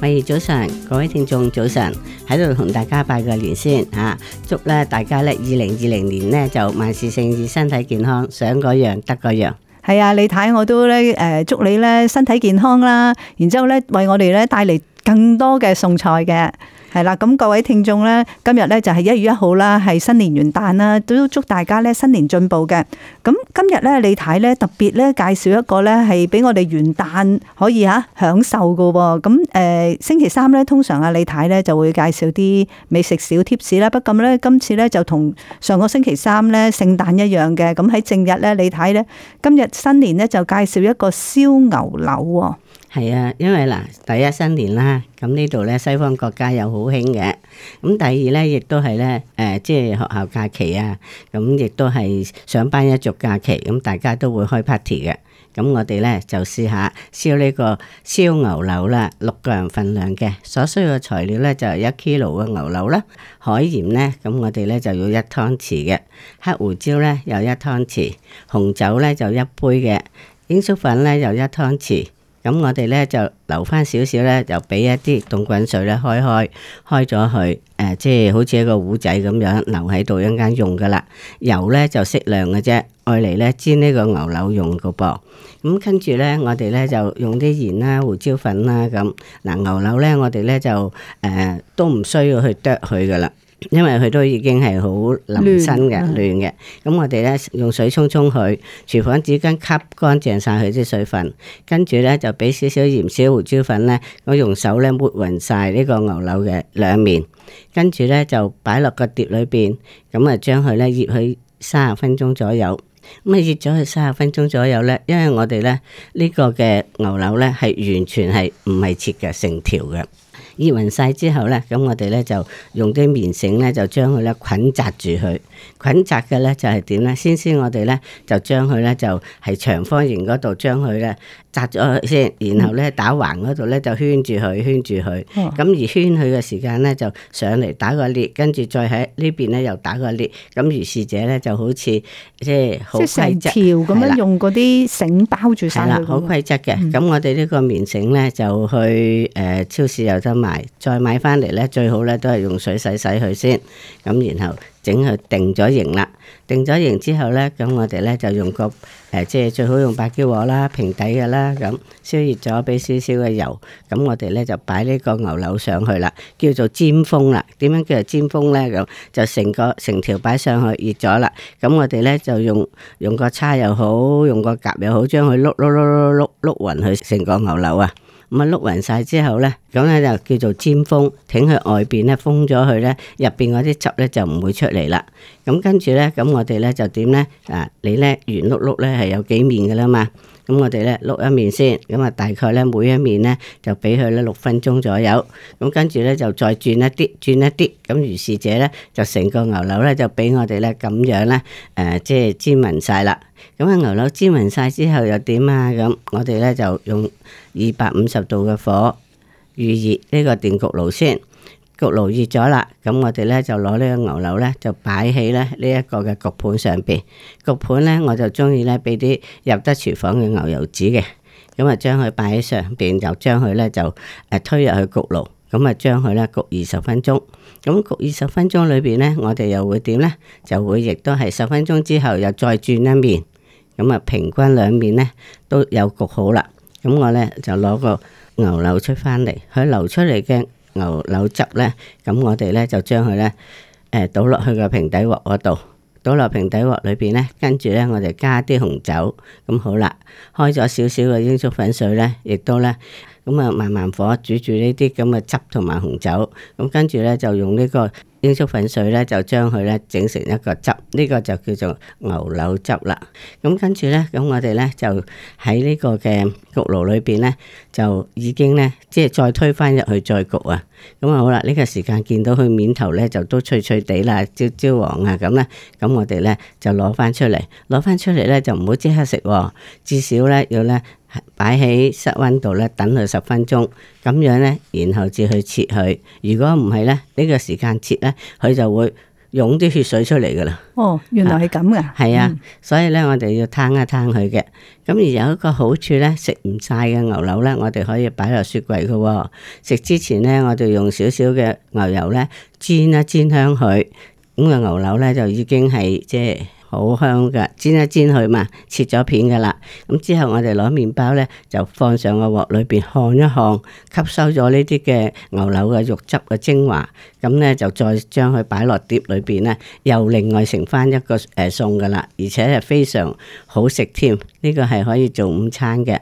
喂，早晨各位聽眾，早晨喺度同大家拜個年先吓，啊，祝咧大家咧二零二零年咧就萬事勝意，身體健康，想嗰樣得嗰樣。係啊，李太我都咧誒，祝你咧身體健康啦，然之後咧為我哋咧帶嚟更多嘅餸菜嘅。係啦，咁各位聽眾呢，今日呢就係一月一號啦，係新年元旦啦，都祝大家呢新年進步嘅。咁今日呢，李太呢特別呢介紹一個呢，係俾我哋元旦可以吓享受㗎。咁誒，星期三呢，通常阿李太呢就會介紹啲美食小貼士啦。不過呢，今次呢就同上個星期三呢聖誕一樣嘅。咁喺正日呢，李太呢今日新年呢就介紹一個燒牛柳。係啊，因為嗱，第一新年啦，咁呢度咧西方國家有好興嘅。咁第二咧，亦都係咧，誒、呃，即係學校假期啊，咁亦都係上班一族假期，咁大家都會開 party 嘅。咁我哋咧就試下燒呢個燒牛柳啦，六個人份量嘅所需嘅材料咧就係一 kilo 嘅牛柳啦，海鹽咧，咁我哋咧就要一湯匙嘅黑胡椒咧又一湯匙，紅酒咧就一杯嘅鷹粟粉咧又一湯匙。咁我哋咧就留翻少少咧，就俾一啲凍滾水咧開開開咗佢，誒、呃，即係好似一個糊仔咁樣留喺度一陣用噶啦。油咧就適量嘅啫，愛嚟咧煎呢個牛柳用噶噃。咁跟住咧，我哋咧就用啲鹽啦、胡椒粉啦咁。嗱、呃、牛柳咧，我哋咧就誒、呃、都唔需要去剁佢噶啦。因為佢都已經係好腍身嘅，嫩嘅，嗯。咁我哋咧用水沖沖佢，廚房紙巾吸乾淨晒佢啲水分。跟住咧就俾少少鹽少胡椒粉咧，我用手咧抹匀晒呢個牛柳嘅兩面。跟住咧就擺落個碟裏邊，咁啊將佢咧醃去三十分鐘左右。咁啊醃咗佢三十分鐘左右咧，因為我哋咧呢、這個嘅牛柳咧係完全係唔係切嘅，成條嘅。醃勻晒之後咧，咁我哋咧就用啲棉繩咧，就將佢咧捆紮住佢。捆紮嘅咧就係點咧？先先我哋咧就將佢咧就係長方形嗰度將佢咧紮咗先，然後咧打橫嗰度咧就圈住佢，圈住佢。咁、哦、而圈佢嘅時間咧就上嚟打個裂，跟住再喺呢邊咧又打個裂。咁如是者咧就好似即係好細條，係咁樣用嗰啲繩包住曬。啦的，好規則嘅。咁、嗯、我哋呢個棉繩咧就去誒超市有得再買翻嚟呢，最好呢都係用水洗洗佢先，咁然後整佢定咗型啦。定咗型之後呢，咁我哋呢就用個誒，即係最好用白焦鑊啦，平底嘅啦，咁燒熱咗，俾少少嘅油，咁我哋呢就擺呢個牛柳上去啦，叫做煎封啦。點樣叫做煎封呢？咁就成個成條擺上去熱咗啦，咁我哋呢就用用個叉又好，用個夾又好，將佢碌碌碌碌碌碌勻佢成個牛柳啊。咁啊，碌勻晒之後咧，咁咧就叫做煎封，挺去外邊咧封咗佢咧，入邊嗰啲汁咧就唔會出嚟啦。咁跟住咧，咁我哋咧就點咧？誒，你咧圓碌碌咧係有幾面噶啦嘛？咁我哋咧碌一面先，咁啊大概咧每一面咧就俾佢咧六分鐘左右。咁跟住咧就再轉一啲，轉一啲。咁如是者咧，就成個牛柳咧就俾我哋咧咁樣咧，誒，即係煎勻晒啦。咁啊，牛柳煎勻晒之後又點啊？咁我哋呢就用二百五十度嘅火預熱呢個電焗爐先，焗爐熱咗啦。咁我哋呢就攞呢個牛柳呢，就擺喺呢呢一個嘅焗盤上邊，焗盤呢，我就中意呢俾啲入得廚房嘅牛油紙嘅，咁啊將佢擺喺上邊，又將佢呢就推入去焗爐。咁啊，將佢咧焗二十分鐘，咁焗二十分鐘裏邊咧，我哋又會點咧？就會亦都係十分鐘之後又再轉一面，咁啊，平均兩面咧都有焗好啦。咁我咧就攞個牛柳出翻嚟，佢流出嚟嘅牛柳汁咧，咁我哋咧就將佢咧誒，倒落去個平底鑊嗰度。倒落平底鑊裏面，咧，跟住呢，我哋加啲紅酒，咁好啦，開咗少少嘅鷹粟粉水呢，亦都呢。咁啊，慢慢火煮住呢啲咁嘅汁同埋紅酒，咁跟住呢，就用呢個。鷹粟粉水咧就將佢咧整成一個汁，呢、這個就叫做牛柳汁啦。咁、嗯、跟住咧，咁、嗯、我哋咧就喺呢個嘅焗爐裏邊咧，就已經咧即係再推翻入去再焗啊。咁、嗯、啊好啦，呢、這個時間見到佢面頭咧就都脆脆地啦，焦焦黃啊咁咧，咁、嗯、我哋咧就攞翻出嚟，攞翻出嚟咧就唔好即刻食，至少咧要咧。擺喺室溫度咧，等佢十分鐘，咁樣咧，然後至去切佢。如果唔係咧，呢個時間切咧，佢就會湧啲血水出嚟噶啦。哦，原來係咁噶。係啊，啊嗯、所以咧，我哋要攤一攤佢嘅。咁而有一個好處咧，食唔晒嘅牛柳咧，我哋可以擺落雪櫃噶。食之前咧，我哋用少少嘅牛油咧煎一煎香佢。咁個牛柳咧就已經係即係。就是好香嘅，煎一煎佢嘛，切咗片嘅啦。咁之後我哋攞麵包呢，就放上個鑊裏邊，看一看，吸收咗呢啲嘅牛柳嘅肉汁嘅精華。咁呢，就再將佢擺落碟裏邊呢，又另外盛返一個誒餸嘅啦，而且係非常好食添。呢、呢個係可以做午餐嘅。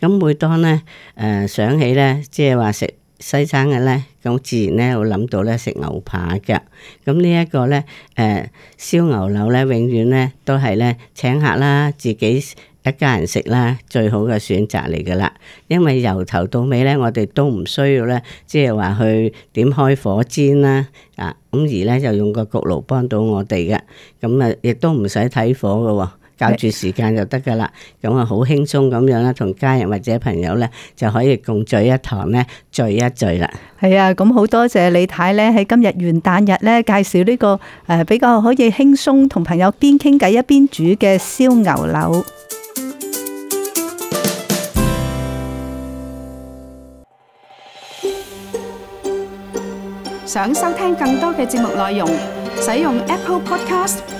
咁每當呢，誒、呃、想起呢，即係話食。西餐嘅咧，咁自然咧，我諗到咧食牛扒噶。咁呢一個咧，誒、呃，燒牛柳咧，永遠咧都係咧請客啦，自己一家人食啦，最好嘅選擇嚟噶啦。因為由頭到尾咧，我哋都唔需要咧，即係話去點開火煎啦，啊，咁而咧就用個焗爐幫到我哋噶，咁啊，亦都唔使睇火噶喎、啊。搞住時間就得噶啦，咁啊好輕鬆咁樣咧，同家人或者朋友咧就可以共聚一堂咧，聚一聚啦。係啊，咁好多謝李太咧喺今日元旦日咧介紹呢個誒，比較可以輕鬆同朋友邊傾偈一邊煮嘅燒牛柳。想收聽更多嘅節目內容，使用 Apple Podcast。